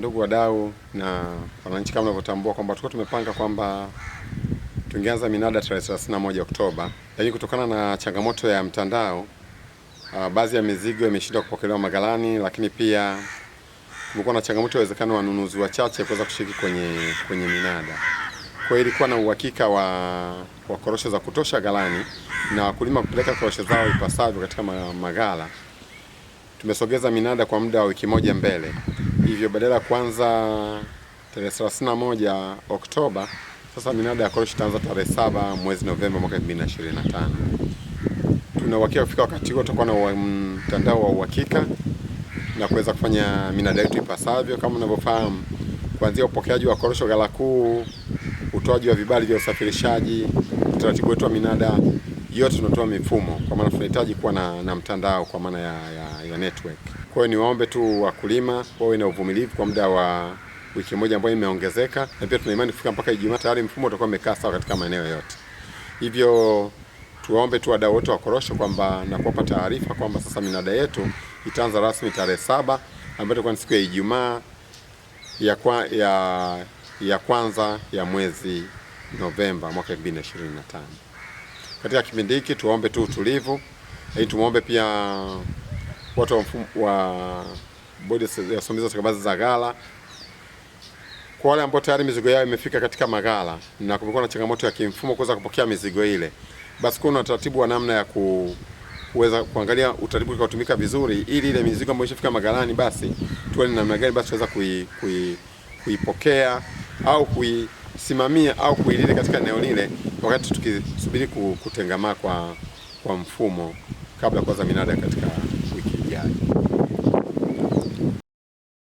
Ndugu wadau na wananchi, kama mnavyotambua kwamba tulikuwa tumepanga kwamba tungeanza minada tarehe 31 Oktoba, lakini kutokana na changamoto ya mtandao uh, baadhi ya mizigo imeshindwa kupokelewa magalani, lakini pia kumekuwa na changamoto ya uwezekano wa wanunuzi wachache kuweza kushiriki kwenye, kwenye minada. Kwa hiyo ilikuwa na uhakika wa, wa korosho za kutosha galani na wakulima kupeleka korosho zao ipasavyo katika magala, tumesogeza minada kwa muda wa wiki moja mbele hivyo badala ya kwanza tarehe 31 Oktoba, sasa minada ya korosho itaanza tarehe saba mwezi Novemba mwaka 2025. Tuna uhakika kufika wakati huo tutakuwa na mtandao wa uhakika na kuweza kufanya minada yetu ipasavyo. Kama unavyofahamu, kuanzia upokeaji wa korosho ghala kuu, utoaji wa vibali vya usafirishaji, utaratibu wetu wa minada yote tunatoa mifumo, kwa maana tunahitaji kuwa na, na mtandao kwa maana ya, ya, ya network. Kwa hiyo niwaombe tu wakulima wawe na uvumilivu kwa muda wa wiki moja ambayo imeongezeka, na pia tuna imani kufika mpaka Ijumaa tayari mfumo utakuwa umekaa sawa katika maeneo yote. Hivyo tuwaombe tu wadau wote wa korosho kwamba na kuwapa taarifa kwamba sasa minada yetu itaanza rasmi tarehe saba ambayo itakuwa ni siku ya Ijumaa ya, kwa, ya, ya kwanza ya mwezi Novemba mwaka 2025 katika kipindi hiki tuombe tu utulivu, lakini tumwombe pia watu wa, mfumo wa bodi ya usimamizi wa stakabadhi za ghala kwa wale ambao tayari mizigo yao imefika katika maghala na kumekuwa na changamoto ya kimfumo kuweza kupokea mizigo ile, basi kuna utaratibu wa namna ya ku kuweza kuangalia utaratibu ukatumika vizuri, ili ile mizigo ambayo ishafika magalani, basi tuwe tuone namna gani basi tuweza kui, kui, kuipokea au kuisimamia au kuilinda katika eneo lile wakati tukisubiri kutengamaa kwa, kwa mfumo kabla kwanza minada katika